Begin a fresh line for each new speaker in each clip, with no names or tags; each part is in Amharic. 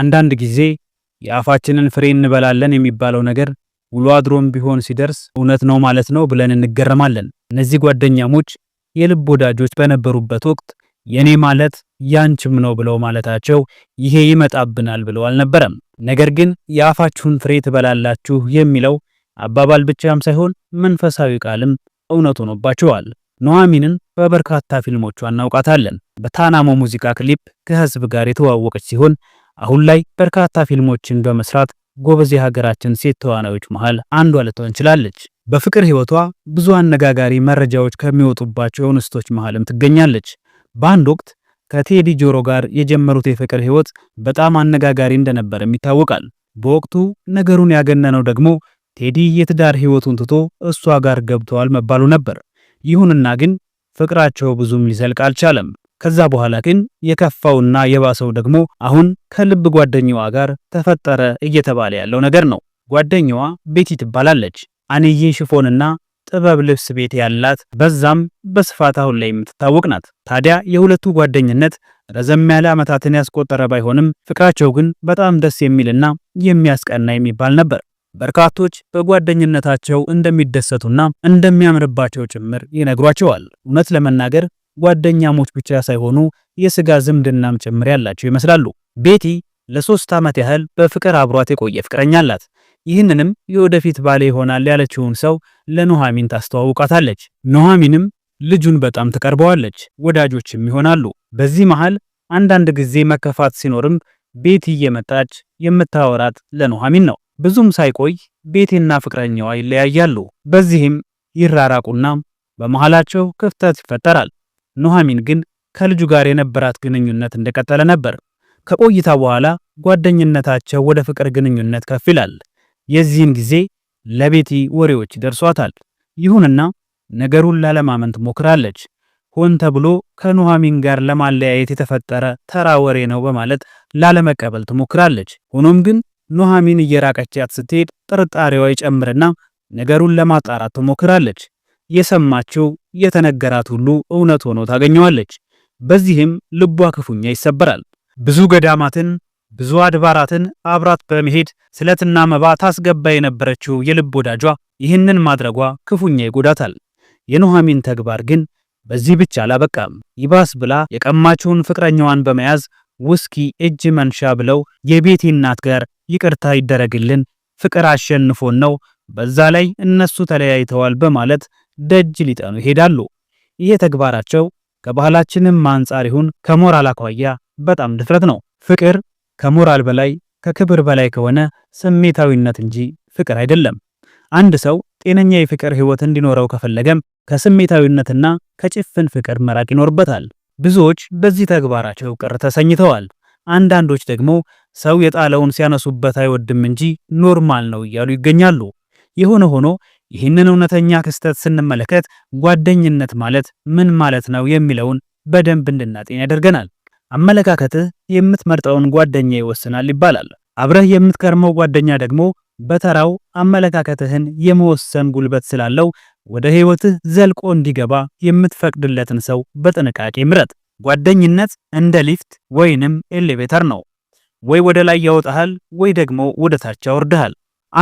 አንዳንድ ጊዜ የአፋችንን ፍሬ እንበላለን የሚባለው ነገር ውሎ አድሮም ቢሆን ሲደርስ እውነት ነው ማለት ነው ብለን እንገረማለን። እነዚህ ጓደኛሞች የልብ ወዳጆች በነበሩበት ወቅት የኔ ማለት ያንችም ነው ብለው ማለታቸው ይሄ ይመጣብናል ብለው አልነበረም። ነገር ግን የአፋችሁን ፍሬ ትበላላችሁ የሚለው አባባል ብቻም ሳይሆን መንፈሳዊ ቃልም እውነት ሆኖባቸዋል። ኑኃሚንን በበርካታ ፊልሞቿ እናውቃታለን። በታናሞ ሙዚቃ ክሊፕ ከህዝብ ጋር የተዋወቀች ሲሆን አሁን ላይ በርካታ ፊልሞችን በመስራት ጎበዝ የሀገራችን ሴት ተዋናዮች መሃል አንዷ ልትሆን ችላለች። በፍቅር ህይወቷ ብዙ አነጋጋሪ መረጃዎች ከሚወጡባቸው እንስቶች መሃልም ትገኛለች። በአንድ ወቅት ከቴዲ ጆሮ ጋር የጀመሩት የፍቅር ህይወት በጣም አነጋጋሪ እንደነበርም ይታወቃል። በወቅቱ ነገሩን ያገነነው ደግሞ ቴዲ የትዳር ህይወቱን ትቶ እሷ ጋር ገብተዋል መባሉ ነበር። ይሁንና ግን ፍቅራቸው ብዙም ሊዘልቅ አልቻለም። ከዛ በኋላ ግን የከፋውና የባሰው ደግሞ አሁን ከልብ ጓደኛዋ ጋር ተፈጠረ እየተባለ ያለው ነገር ነው። ጓደኛዋ ቤቲ ትባላለች። አንዬ ሽፎንና ጥበብ ልብስ ቤት ያላት በዛም በስፋት አሁን ላይ የምትታወቅ ናት። ታዲያ የሁለቱ ጓደኝነት ረዘም ያለ ዓመታትን ያስቆጠረ ባይሆንም ፍቅራቸው ግን በጣም ደስ የሚልና የሚያስቀና የሚባል ነበር። በርካቶች በጓደኝነታቸው እንደሚደሰቱና እንደሚያምርባቸው ጭምር ይነግሯቸዋል። እውነት ለመናገር ጓደኛሞች ብቻ ሳይሆኑ የስጋ ዝምድናም ጭምር ያላቸው ይመስላሉ። ቤቲ ለሶስት ዓመት ያህል በፍቅር አብሯት የቆየ ፍቅረኛ አላት። ይህንንም የወደፊት ባሌ ይሆናል ያለችውን ሰው ለኑሐሚን ታስተዋውቃታለች። ኑሐሚንም ልጁን በጣም ትቀርበዋለች፣ ወዳጆችም ይሆናሉ። በዚህ መሃል አንዳንድ ጊዜ መከፋት ሲኖርም ቤቲ እየመጣች የምታወራት ለኑሐሚን ነው። ብዙም ሳይቆይ ቤቴና ፍቅረኛዋ ይለያያሉ። በዚህም ይራራቁና በመሃላቸው ክፍተት ይፈጠራል። ኑሐሚን ግን ከልጁ ጋር የነበራት ግንኙነት እንደቀጠለ ነበር። ከቆይታ በኋላ ጓደኝነታቸው ወደ ፍቅር ግንኙነት ከፍ ይላል። የዚህን ጊዜ ለቤቲ ወሬዎች ይደርሷታል። ይሁንና ነገሩን ላለማመን ትሞክራለች። ሆን ተብሎ ከኑሐሚን ጋር ለማለያየት የተፈጠረ ተራ ወሬ ነው በማለት ላለመቀበል ትሞክራለች። ሆኖም ግን ኑሐሚን እየራቀቻት ስትሄድ ጥርጣሬዋ ይጨምርና ነገሩን ለማጣራት ትሞክራለች። የሰማችው የተነገራት ሁሉ እውነት ሆኖ ታገኘዋለች። በዚህም ልቧ ክፉኛ ይሰበራል። ብዙ ገዳማትን ብዙ አድባራትን አብራት በመሄድ ስለትና መባ ታስገባ የነበረችው የልብ ወዳጇ ይህንን ማድረጓ ክፉኛ ይጎዳታል። የኑሐሚን ተግባር ግን በዚህ ብቻ አላበቃም። ይባስ ብላ የቀማችውን ፍቅረኛዋን በመያዝ ውስኪ እጅ መንሻ ብለው የቤቲ እናት ጋር ይቅርታ ይደረግልን፣ ፍቅር አሸንፎን ነው፣ በዛ ላይ እነሱ ተለያይተዋል በማለት ደጅ ሊጠኑ ይሄዳሉ። ይሄ ተግባራቸው ከባህላችንም አንጻር ይሁን ከሞራል አኳያ በጣም ድፍረት ነው። ፍቅር ከሞራል በላይ ከክብር በላይ ከሆነ ስሜታዊነት እንጂ ፍቅር አይደለም። አንድ ሰው ጤነኛ የፍቅር ህይወት እንዲኖረው ከፈለገም ከስሜታዊነትና ከጭፍን ፍቅር መራቅ ይኖርበታል። ብዙዎች በዚህ ተግባራቸው ቅር ተሰኝተዋል። አንዳንዶች ደግሞ ሰው የጣለውን ሲያነሱበት አይወድም እንጂ ኖርማል ነው እያሉ ይገኛሉ። የሆነ ሆኖ ይህንን እውነተኛ ክስተት ስንመለከት ጓደኝነት ማለት ምን ማለት ነው የሚለውን በደንብ እንድናጤን ያደርገናል። አመለካከትህ የምትመርጠውን ጓደኛ ይወስናል ይባላል። አብረህ የምትከርመው ጓደኛ ደግሞ በተራው አመለካከትህን የመወሰን ጉልበት ስላለው ወደ ህይወትህ ዘልቆ እንዲገባ የምትፈቅድለትን ሰው በጥንቃቄ ምረጥ። ጓደኝነት እንደ ሊፍት ወይንም ኤሌቬተር ነው። ወይ ወደ ላይ ያወጣሃል ወይ ደግሞ ወደ ታች ያወርድሃል።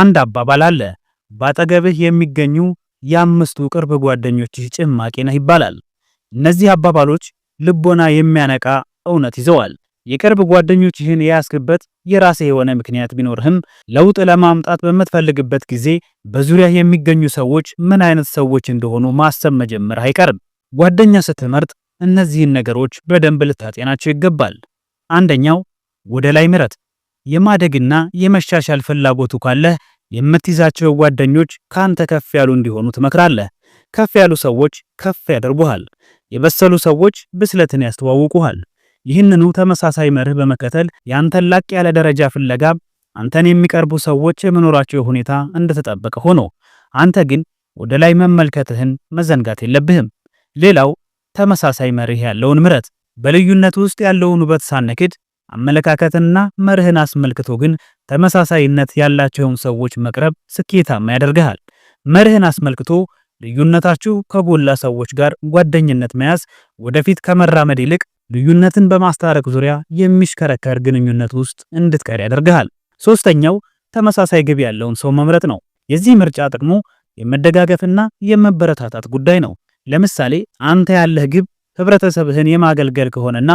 አንድ አባባል አለ፣ ባጠገብህ የሚገኙ የአምስቱ ቅርብ ጓደኞችህ ጭማቂ ነህ ይባላል። እነዚህ አባባሎች ልቦና የሚያነቃ እውነት ይዘዋል። የቅርብ ጓደኞችህን የያዝክበት የራሴ የሆነ ምክንያት ቢኖርህም ለውጥ ለማምጣት በምትፈልግበት ጊዜ በዙሪያ የሚገኙ ሰዎች ምን አይነት ሰዎች እንደሆኑ ማሰብ መጀመር አይቀርም። ጓደኛ ስትመርጥ እነዚህን ነገሮች በደንብ ልታጤናቸው ይገባል። አንደኛው ወደ ላይ ምረት። የማደግና የመሻሻል ፍላጎቱ ካለህ የምትይዛቸው ጓደኞች ካንተ ከፍ ያሉ እንዲሆኑ ትመክራለህ። ከፍ ያሉ ሰዎች ከፍ ያደርጉሃል። የበሰሉ ሰዎች ብስለትን ያስተዋውቁሃል። ይህንኑ ተመሳሳይ መርህ በመከተል የአንተን ላቅ ያለ ደረጃ ፍለጋ አንተን የሚቀርቡ ሰዎች የመኖራቸው ሁኔታ እንደተጠበቀ ሆኖ አንተ ግን ወደ ላይ መመልከትህን መዘንጋት የለብህም። ሌላው ተመሳሳይ መርህ ያለውን ምረት። በልዩነት ውስጥ ያለውን ውበት ሳነክድ አመለካከትና መርህን አስመልክቶ ግን ተመሳሳይነት ያላቸውን ሰዎች መቅረብ ስኬታማ ያደርግሃል። መርህን አስመልክቶ ልዩነታችሁ ከጎላ ሰዎች ጋር ጓደኝነት መያዝ ወደፊት ከመራመድ ይልቅ ልዩነትን በማስታረቅ ዙሪያ የሚሽከረከር ግንኙነት ውስጥ እንድትቀር ያደርግሃል። ሶስተኛው ተመሳሳይ ግብ ያለውን ሰው መምረጥ ነው። የዚህ ምርጫ ጥቅሙ የመደጋገፍና የመበረታታት ጉዳይ ነው። ለምሳሌ አንተ ያለህ ግብ ህብረተሰብህን የማገልገል ከሆነና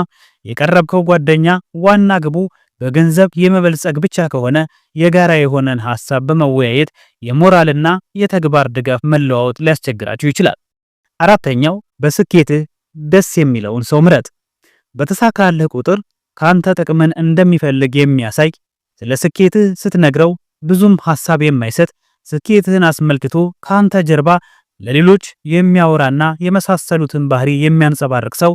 የቀረብከው ጓደኛ ዋና ግቡ በገንዘብ የመበልጸግ ብቻ ከሆነ የጋራ የሆነን ሐሳብ በመወያየት የሞራልና የተግባር ድጋፍ መለዋወጥ ሊያስቸግራችሁ ይችላል። አራተኛው በስኬትህ ደስ የሚለውን ሰው ምረጥ። በተሳካልህ ቁጥር ካንተ ጥቅምን እንደሚፈልግ የሚያሳይ ስለ ስኬትህ ስትነግረው ብዙም ሐሳብ የማይሰጥ ስኬትህን አስመልክቶ ካንተ ጀርባ ለሌሎች የሚያወራና የመሳሰሉትን ባህሪ የሚያንጸባርቅ ሰው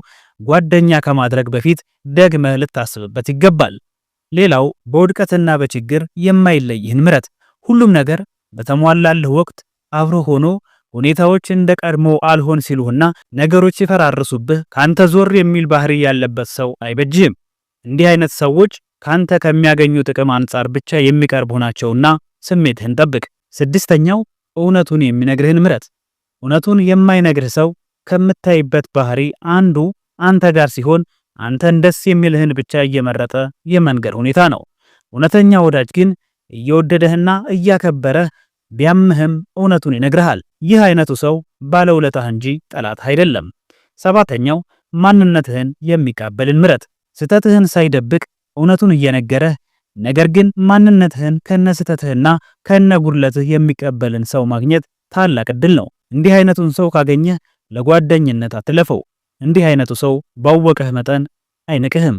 ጓደኛ ከማድረግ በፊት ደግመህ ልታስብበት ይገባል። ሌላው በውድቀትና በችግር የማይለይህን ምረት። ሁሉም ነገር በተሟላልህ ወቅት አብሮ ሆኖ ሁኔታዎች እንደ ቀድሞ አልሆን ሲሉህና ነገሮች ሲፈራርሱብህ ካንተ ዞር የሚል ባህሪ ያለበት ሰው አይበጅህም። እንዲህ አይነት ሰዎች ካንተ ከሚያገኙ ጥቅም አንጻር ብቻ የሚቀርቡ ናቸውና ስሜትህን ጠብቅ። ስድስተኛው እውነቱን የሚነግርህን ምረት። እውነቱን የማይነግርህ ሰው ከምታይበት ባህሪ አንዱ አንተ ጋር ሲሆን አንተን ደስ የሚልህን ብቻ እየመረጠ የመንገድ ሁኔታ ነው። እውነተኛ ወዳጅ ግን እየወደደህና እያከበረህ ቢያምህም እውነቱን ይነግርሃል። ይህ አይነቱ ሰው ባለውለታህ እንጂ ጠላት አይደለም። ሰባተኛው ማንነትህን የሚቀበልን ምረጥ። ስህተትህን ሳይደብቅ እውነቱን እየነገረህ ነገር ግን ማንነትህን ከነ ስህተትህና ከነ ጉድለትህ የሚቀበልን ሰው ማግኘት ታላቅ እድል ነው። እንዲህ አይነቱን ሰው ካገኘህ ለጓደኝነት አትለፈው። እንዲህ አይነቱ ሰው ባወቀህ መጠን አይንቅህም፣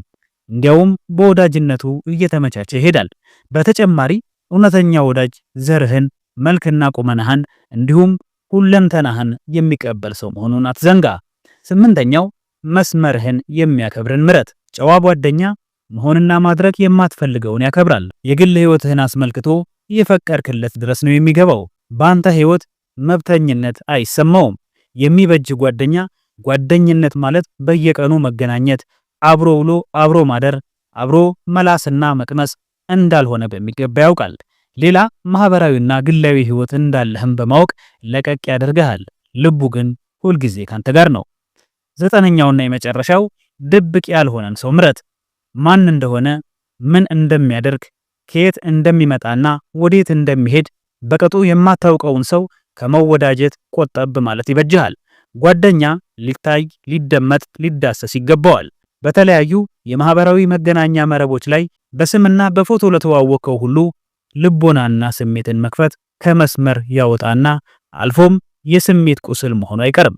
እንዲያውም በወዳጅነቱ እየተመቻቸ ይሄዳል። በተጨማሪ እውነተኛ ወዳጅ ዘርህን፣ መልክና ቁመናህን እንዲሁም ሁለንተናህን የሚቀበል ሰው መሆኑን አትዘንጋ። ስምንተኛው መስመርህን የሚያከብርን ምረጥ። ጨዋ ጓደኛ መሆንና ማድረግ የማትፈልገውን ያከብራል። የግል ህይወትህን አስመልክቶ የፈቀርክለት ድረስ ነው የሚገባው። በአንተ ህይወት መብተኝነት አይሰማውም። የሚበጅ ጓደኛ ጓደኝነት ማለት በየቀኑ መገናኘት፣ አብሮ ውሎ አብሮ ማደር፣ አብሮ መላስና መቅመስ እንዳልሆነ በሚገባ ያውቃል። ሌላ ማህበራዊና ግላዊ ህይወት እንዳለህም በማወቅ ለቀቅ ያደርግሃል። ልቡ ግን ሁልጊዜ ካንተ ጋር ነው። ዘጠነኛውና የመጨረሻው ድብቅ ያልሆነን ሰው ምረጥ። ማን እንደሆነ ምን እንደሚያደርግ ከየት እንደሚመጣና ወዴት እንደሚሄድ በቅጡ የማታውቀውን ሰው ከመወዳጀት ቆጠብ ማለት ይበጅሃል። ጓደኛ ሊታይ፣ ሊደመጥ፣ ሊዳሰስ ይገባዋል። በተለያዩ የማህበራዊ መገናኛ መረቦች ላይ በስምና በፎቶ ለተዋወቀው ሁሉ ልቦናና ስሜትን መክፈት ከመስመር ያወጣና አልፎም የስሜት ቁስል መሆኑ አይቀርም።